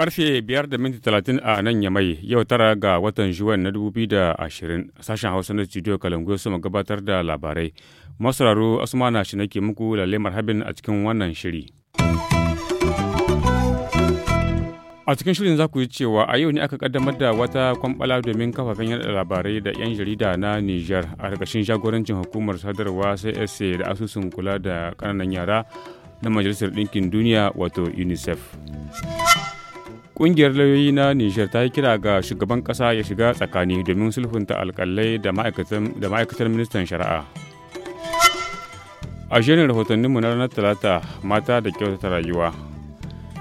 Karfe biyar da minti talatin a nan Yamai yau tara ga watan Juwan na dubu biyu da ashirin sashen Hausa na studio Kalangu su gabatar da labarai. Masauraro Asmana shi nake muku lalle marhabin a cikin wannan shiri. A cikin shirin za ku yi cewa a yau ne aka kaddamar da wata kwambala domin kafafen yada labarai da 'yan jarida na niger a ƙarƙashin jagorancin hukumar sadarwa CSA da asusun kula da ƙananan yara na Majalisar Ɗinkin Duniya wato UNICEF. Ƙungiyar lauyoyi na niger ta yi kira ga shugaban ƙasa ya shiga tsakani domin sulhunta alƙalai da ma'aikatar ministan shari'a. A shirin rahotanninmu na ranar Talata mata da kyautata rayuwa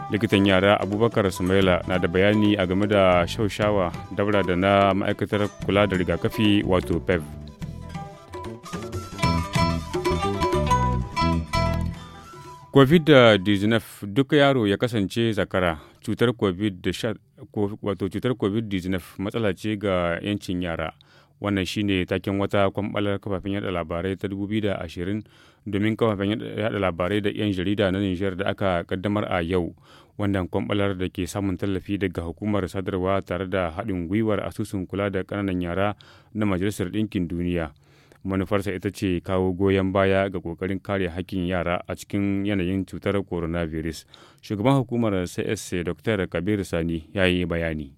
likitan yara abubakar sumaila na da bayani a game da shaushawa daura da na ma'aikatar kula da rigakafi wato pev covid-19 duka yaro ya kasance zakara cutar covid-19 matsala ce ga 'yancin yara wannan shine taken wata kwambalar kafafen yada labarai ta 2020 domin kafafen yada labarai da 'yan jarida na nijar da aka kaddamar a yau wannan kwambalar da ke samun tallafi daga hukumar sadarwa tare da haɗin gwiwar asusun kula da ƙananan yara na majalisar ɗinkin duniya manufarsa ita ce kawo goyon baya ga kokarin kare hakkin yara a cikin yanayin cutar coronavirus shugaban hukumar css dr kabir sani ya yi bayani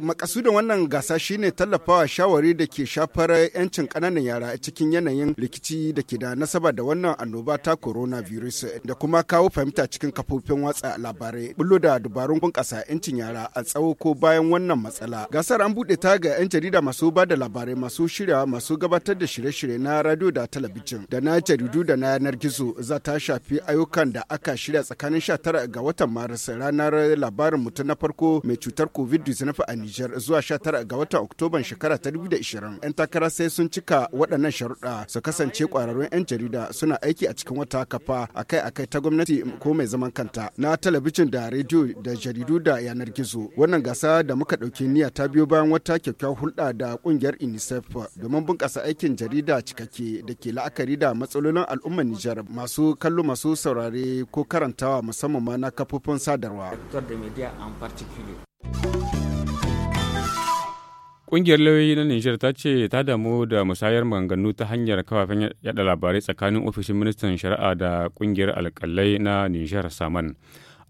Makasudin wannan gasa shine tallafawa shawari da ke shafar 'yancin kananan yara a cikin yanayin rikici da ke da nasaba da wannan annoba ta coronavirus da kuma kawo fahimta cikin kafofin watsa labarai bullo da dubarun bunƙasa 'yancin yara a tsawo ko bayan wannan matsala. Gasar an buɗe ta ga 'yan jarida masu ba da labarai masu shirya masu gabatar da shirye-shirye na radio da talabijin da na jaridu da na yanar gizo za ta shafi ayyukan da aka shirya tsakanin 19 ga watan Maris ranar labarin mutum na farko mai cuta. cutar covid-19 a Nijar zuwa 19 ga watan Oktoban shekara ta 2020. 'Yan takara sai sun cika waɗannan sharuɗa su kasance ƙwararrun 'yan jarida suna aiki a cikin wata kafa akai-akai ta gwamnati ko mai zaman kanta na talabijin da rediyo da jaridu da yanar gizo. Wannan gasa da muka ɗauki niyya ta biyo bayan wata kyakkyawar hulɗa da ƙungiyar UNICEF domin bunƙasa aikin jarida cikakke da ke la'akari da matsalolin al'ummar Nijar masu kallo masu saurare ko karantawa musamman ma na kafofin sadarwa. Ƙungiyar lauyoyi na Nijar ta ce ta damu da musayar maganganu ta hanyar kafafen yada labarai tsakanin ofishin ministan shari'a da ƙungiyar alƙalai na Nijar Saman.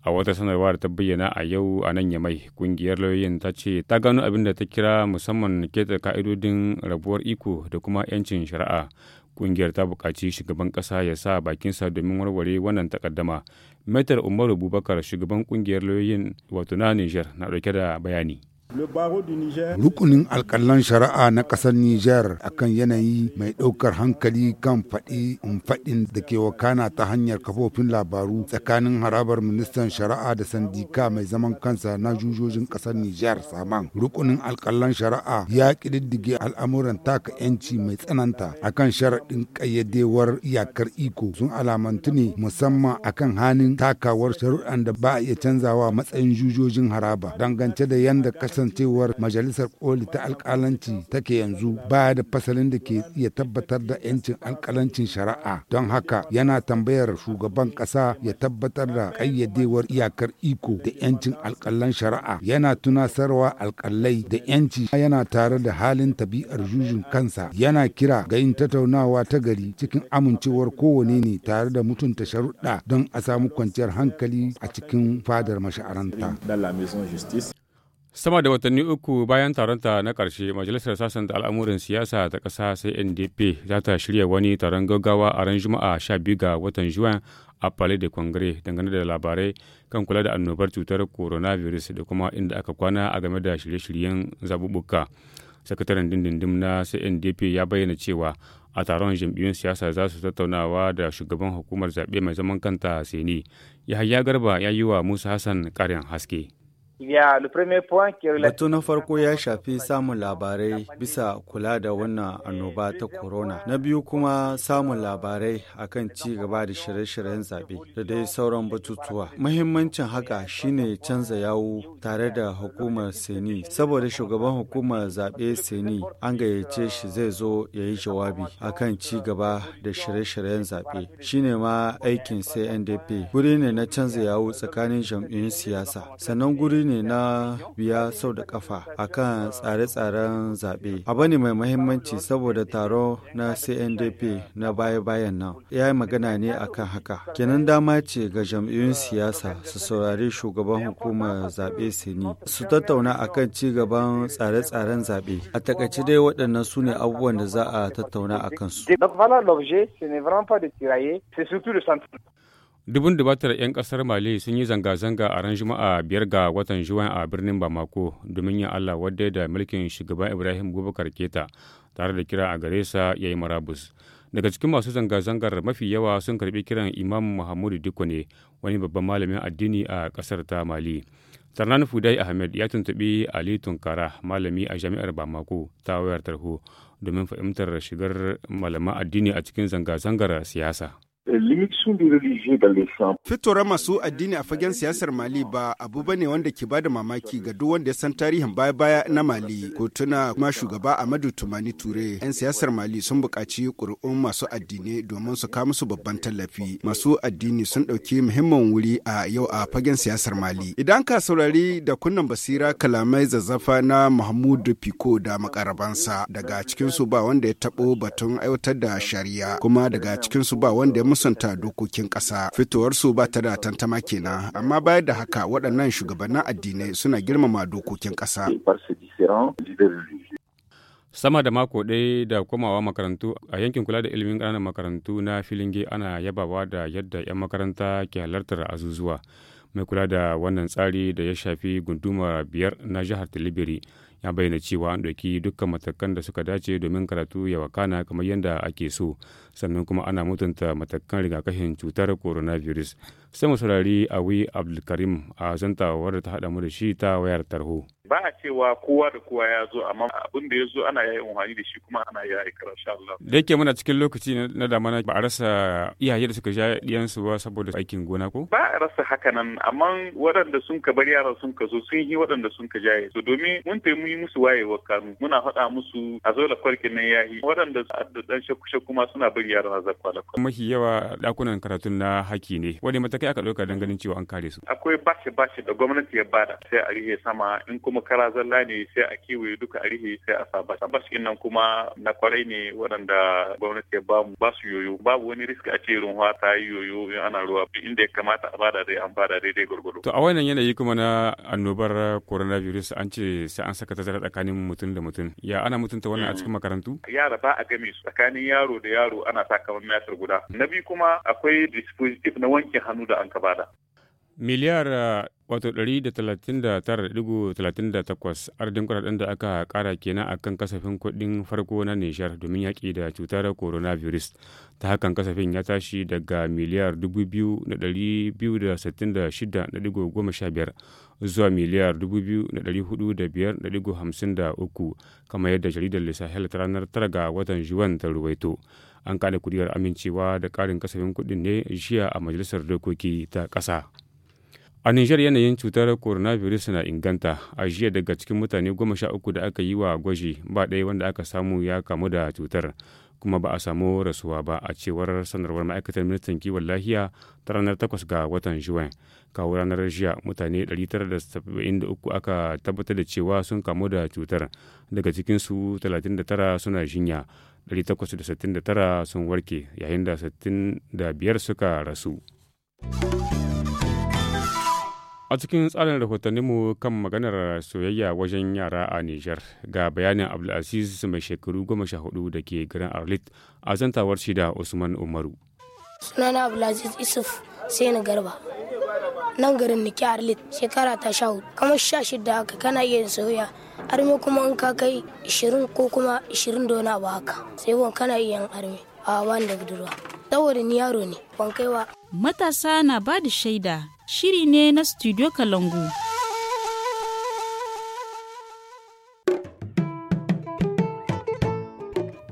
A wata sanarwa da ta bayyana a yau a nan Yamai, ƙungiyar lauyoyin ta ce ta gano abin da ta kira musamman keta ka'idodin rabuwar iko da kuma 'yancin shari'a. Ƙungiyar ta buƙaci shugaban ƙasa ya sa bakinsa domin warware wannan takaddama. Maitar Umaru Bubakar shugaban ƙungiyar lauyoyin wato na Nijar na ɗauke da bayani. Rukunin alkalan shari'a na ƙasar Nijar a kan yanayi mai ɗaukar hankali kan faɗi um in da ke wakana ta hanyar kafofin labaru tsakanin harabar ministan shari'a da sandika mai zaman kansa na jujojin ƙasar Nijar saman. Rukunin alkalan shari'a ya ƙididdige al'amuran taka 'yanci mai tsananta akan sharaɗin ƙayyadewar iyakar iko sun alamantu ne musamman a akan hannun takawar shari'an da ba a iya canzawa matsayin jujojin haraba dangance da yanda ƙasar kasancewar majalisar koli ta alkalanci take yanzu baya da fasalin da ke iya tabbatar da 'yancin alkalancin shari'a don haka yana tambayar shugaban ƙasa ya tabbatar da ƙayyadewar iyakar iko da 'yancin alkalan shari'a yana tunasarwa alkalai da 'yanci yana tare da halin tabi'ar jujin kansa yana kira ga yin tattaunawa ta gari cikin amincewar kowane ne tare da mutunta sharuɗa don a samu kwanciyar hankali a cikin fadar masha'aranta. sama da watanni uku bayan taronta na ƙarshe majalisar sasanta al'amurin siyasa ta ƙasa sai ndp za ta shirya wani taron gaggawa a ran juma'a sha biyu ga watan juwan a palais de congrès dangane da labarai kan kula da annobar cutar coronavirus da kuma inda aka kwana a game da shirye-shiryen zabubuka sakataren dindindim na cndp ya bayyana cewa a taron jam'iyyun siyasa za su tattaunawa da shugaban hukumar zaɓe mai zaman kanta Sani. yahya garba ya yi wa musa hassan ƙarin haske Batu na farko ya shafi samun labarai bisa kula da wannan eh, annoba ta corona. Na biyu kuma samun labarai akan ci gaba da shirye-shiryen zaɓe da dai sauran batutuwa. Muhimmancin haka shine canza yawu tare da hukumar Seni. Saboda shugaban hukumar zaɓe Seni an gayyace shi zai zo ya yi jawabi akan ci gaba da shirye-shiryen zaɓe. Shine ma aikin CNDP. Guri ne na canza yawu tsakanin jam'iyyun siyasa. Sannan guri ne ne na biya sau da kafa akan tsare-tsaren zaɓe. Abu ne mai mahimmanci saboda taro na CNDP na baya-bayan nan. Ya yi magana ne akan haka. Kenan dama ce ga jam'iyyun siyasa su saurari shugaban hukumar zaɓe Sini. Su tattauna akan ci gaban tsare-tsaren zaɓe. A takaice dai waɗannan su ne abubuwan da za a tattauna a kansu. Dubun dubatar 'yan kasar Mali sun yi zanga-zanga a ran Juma'a biyar ga watan Juwan a birnin Bamako domin yin Allah wadda da mulkin shugaban Ibrahim Bubakar Keta tare da kira a gare sa ya yi marabus. Daga cikin masu zanga-zangar mafi yawa sun karbi kiran Imam Muhammadu Diko ne wani babban malamin addini a kasar ta Mali. Tarnan Fudai Ahmed ya tuntubi Ali Tunkara malami a jami'ar Bamako ta wayar tarho domin fahimtar shigar malaman addini a cikin zanga-zangar siyasa. Fitora masu addini a fagen siyasar Mali ba abu bane wanda ke bada mamaki ga duk wanda ya san tarihin baya-baya na Mali. Ko tuna kuma shugaba Amadu Tumani Ture, 'yan siyasar Mali sun buƙaci ƙuri'un masu addinai domin su kawo musu babban tallafi. Masu addini sun ɗauki muhimmin wuri a yau a fagen siyasar Mali. Idan ka saurari da kunnan basira kalamai zazzafa na Mahmudu Piko da makarabansa daga cikinsu ba wanda ya taɓo batun aiwatar da shari'a kuma daga cikinsu ba wanda ya musunta dokokin ƙasa fitowarsu ba ta da tantama kenan amma baya da haka waɗannan shugabannin addinai suna girmama dokokin ƙasa sama da mako ɗaya da komawa makarantu a yankin kula da ilimin ƙananan makarantu na filinge ana yabawa da yadda 'yan makaranta ke halartar azuzuwa mai kula da wannan tsari da ya shafi gunduma biyar na jihar tilibiri ya bayyana cewa an ɗauki dukkan matakan da suka dace domin karatu ya wakana kamar yadda ake so sannan kuma ana mutunta matakan rigakafin cutar coronavirus sai mu saurari wi abdulkarim a wadda ta hada mu da shi ta wayar tarho. ba a cewa kowa da kowa ya zo amma abin da ya zo ana yayin wani da shi kuma ana ya ikra insha Allah da yake muna cikin lokaci na damana ba a rasa iyaye da suka ja diyansu ba saboda aikin gona ko ba a rasa hakanan amma waɗanda sun ka bar yaran sun ka zo sun yi waɗanda sun ka jaye to domin mun ta mun yi musu wayewa kanu muna faɗa musu a zo lakwarkin nan yi. waɗanda da dan shakku kuma suna bar yaran a zakwa lakwa mafi yawa dakunan karatun na haki ne wani mata kai aka ɗauka don ganin cewa an kare su akwai bashi bashi da gwamnati ya bada sai a rihe sama in kuma kara zalla ne sai a kiwaye duka a rihe sai a sa bashi bashi nan kuma na kwarai ne waɗanda gwamnati ya bamu ba su yoyo babu wani risk a ce ruwa ta yi yoyo in ana ruwa inda ya kamata a bada dai an bada daidai gwargwado to a wannan yanayi kuma na annobar coronavirus an ce sai an saka tazara tsakanin mutum da mutum ya ana mutunta wannan a cikin makarantu mm. yara ba a game su tsakanin yaro da yaro ana sa kamar metar guda na biyu kuma akwai dispositif na wanke hannu da an miliyar eh, wato 139.38 ardin kudaden da aka kara kenan a kan kasafin kudin farko na nishar domin yaƙi da cutar coronavirus ta hakan kasafin ya tashi daga miliyar 2,266.15 zuwa miliyar 2,405.53 kamar yadda jaridar lissahel ta ranar 9 ga watan juwan ta ruwaito. an kada kuriyar amincewa da karin kasafin kuɗin ne jiya a majalisar dokoki ta ƙasa a nijar yanayin cutar coronavirus na inganta a jiya daga cikin mutane goma sha uku da aka yi wa gwaji ba ɗaya wanda aka samu ya kamu da cutar kuma ba a samu rasuwa ba a cewar sanarwar ma'aikatar ministan kiwon lahiya ta ranar 8 ga watan juwan kawo ranar jiya mutane 973 aka tabbatar da cewa sun kamu da cutar daga cikin cikinsu 39 suna jinya 869 sun warke yayin da 65 suka rasu. A cikin tsarin rahotanninmu kan maganar soyayya wajen yara a Nijar ga bayanin Abdulaziz mai shekaru goma sha hudu da ke garin Arlit a zantawar shida Usman Umaru. Sunana Abdulaziz Isuf sai na garba. nan garin niki arlit shekara ta sha hudu kamar sha shida haka kana iya soya arme kuma in ka kai ishirin ko kuma ishirin da wani abu haka sai wani kana iya yin arme a wani da budurwa saboda ni yaro ne ban kaiwa. matasa na ba da shaida shiri ne na studio kalangu.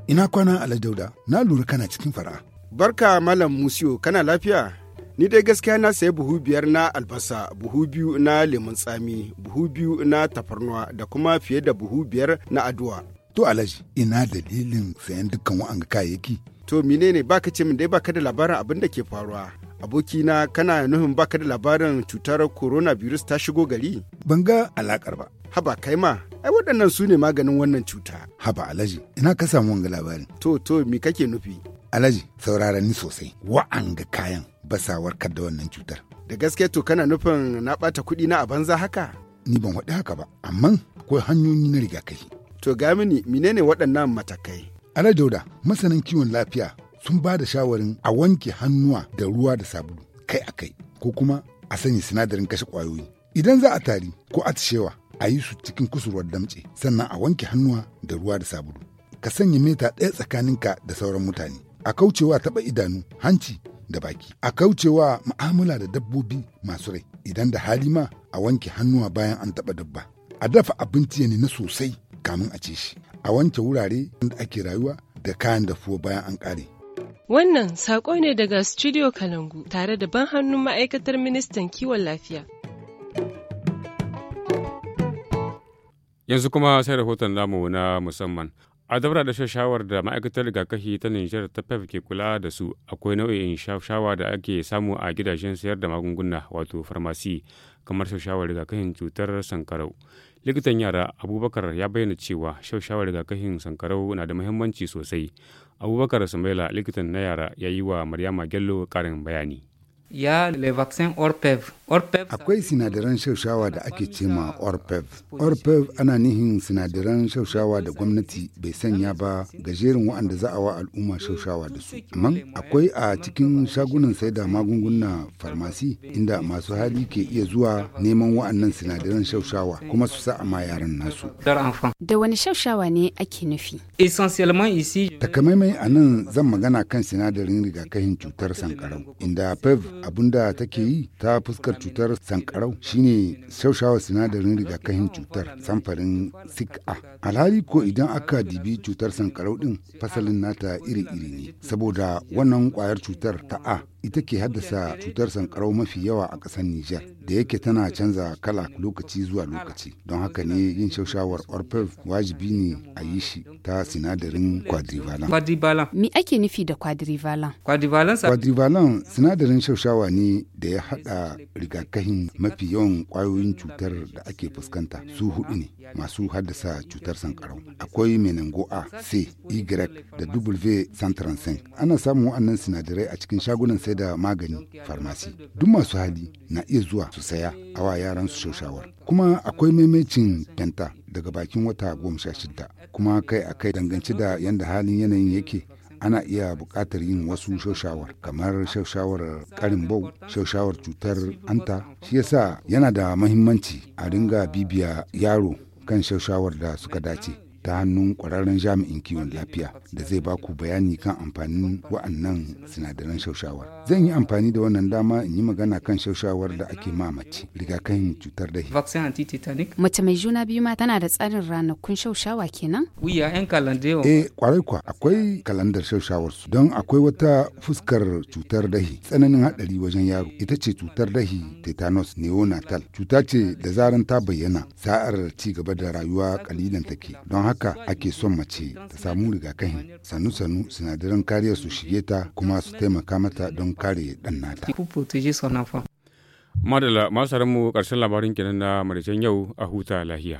Ina kwana Alhaji na lura kana cikin fara. Barka Malam Musiyo, kana lafiya? Ni dai gaskiya na sayi buhu biyar na albasa, buhu biyu na lemun tsami, buhu biyu na tafarnuwa da kuma fiye da buhu biyar na aduwa. To alaji ina dalilin sayan dukkan wa'anga kayayyaki. To menene baka ce min dai baka da labarin abin da ke faruwa. abokina kana nufin baka da labarin cutar coronavirus ta shigo gari? Ban ga alakar ba. Haba kai ma, ai waɗannan su ne maganin wannan cuta. Haba Alhaji, ina ka samu wanga labarin. To to me kake nufi? Alhaji, saurara ni sosai. Wa'anga kayan ba sa da wannan cutar. Da gaske to kana nufin na bata kuɗi na a banza haka? Ni ban waɗi haka ba, amma akwai hanyoyi na rigakafi. To ga mini menene waɗannan matakai? Ala Dauda, masanan kiwon lafiya sun ba da shawarin a wanke hannuwa da ruwa da sabulu kai a kai ko kuma a sanya sinadarin kashe ƙwayoyi. Idan za a tari ko atishewa a yi su cikin kusurwar damce sannan a wanke hannuwa da ruwa da sabulu. Ka sanya mita ɗaya tsakaninka da sauran mutane. A kaucewa taɓa idanu, hanci da baki a kaucewa ma'amula da dabbobi masu rai idan da hali ma a wanke hannuwa bayan an taɓa dabba a dafa abinci ne na sosai kamun a ce shi a wanke wurare da ake rayuwa da kayan dafuwa bayan an ƙare Wannan saƙo ne daga Studio Kalangu tare da ban hannun ma'aikatar ministan kiwon lafiya. Yanzu kuma sai rahoton namu na musamman. a daura da shawar da ma'aikatar rigakafi ta nijar ta pep ke kula da su akwai nau'in shawa da ake samu a gidajen sayar da magunguna wato farmasi kamar shawar rigakafin cutar sankarau likitan yara abubakar ya bayyana cewa shawar rigakafin sankarau na da muhimmanci sosai abubakar samaila likitan na yara ya yi wa maryama gello karin bayani ya le vaccin orpev orpev akwai sinadaran shaushawa da ake cema orpev orpev ana nihin sinadaran shaushawa da gwamnati bai sanya ba ga jerin wa'anda za a wa al'umma shaushawa da su amma akwai a cikin shagunan sai da magunguna farmasi inda masu hali ke iya zuwa neman wa'annan sinadaran shaushawa kuma su sa ma yaran nasu da wani shaushawa ne ake nufi essentiellement ici takamaimai anan zan magana kan sinadarin rigakafin cutar sankarau inda pev abin da take yi ta fuskar cutar sankarau shine shaushawa sinadarin rigakafin cutar samfarin A. alhali ko idan aka dibi cutar sankarau din fasalin nata iri-iri ne saboda wannan kwayar cutar ta a ita ke haddasa cutar sankarau mafi yawa a ƙasar Nijar da yake tana canza kala lokaci zuwa lokaci don haka ne yin shaushawar orpev wajibi ne a yi shi ta sinadarin quadrivalent. Me ake nufi da quadrivalent? Quadrivalent sinadarin shaushawa ne da ya haɗa rigakafin mafi yawan kwayoyin cutar da ake fuskanta su hudu ne masu haddasa cutar sankarau. Akwai menango A, C, Y da W135. Ana samun waɗannan sinadarai a cikin shagunan sai da magani farmasi duk masu hali na iya zuwa su saya a wa yaran su kuma akwai maimacin tenta daga bakin wata goma sha shida kuma kai a kai dangance da yadda halin yanayin yake ana iya buƙatar yin wasu shaushawar kamar shaushawar karin bau shaushawar cutar anta shi yasa yana da mahimmanci a ringa bibiya yaro kan shaushawar da suka dace ta hannun kwararren jami'in kiwon lafiya da zai ba ku bayani kan amfanin wa'annan sinadaran shaushawar. Zan yi amfani da wannan dama in yi magana kan shaushawar da ake ma mace rigakafin cutar dahi. Mace mai juna biyu ma tana da tsarin ranakun shaushawa kenan? Eh, kwarai kwa akwai kalandar shaushawar su don akwai wata fuskar cutar dahi tsananin haɗari wajen yaro ita ce cutar dahi tetanus neonatal cuta ce da zaran ta bayyana sa'ar ci gaba da rayuwa kalilan take don haka ake son mace ta samu rigakafin sanu-sanu sinadaran kariyar su shige ta kuma su taimaka mata don kare dan nata. Madala masu mu karshen labarin kenan na maraicen yau a huta lahiya.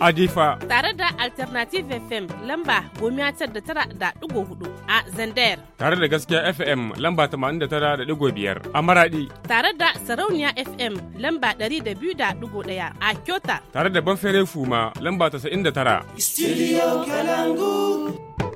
Adifa. Tare da Alternative FM lamba gomiya da tara da ɗigo hudu. a Zender. Tare da gaskiya FM lamba 89.5 a Maradi. Tare da Sarauniya FM lamba 200.1 a Kyota. Tare da Banfere Fuma lamba 99. Studio Kalangu.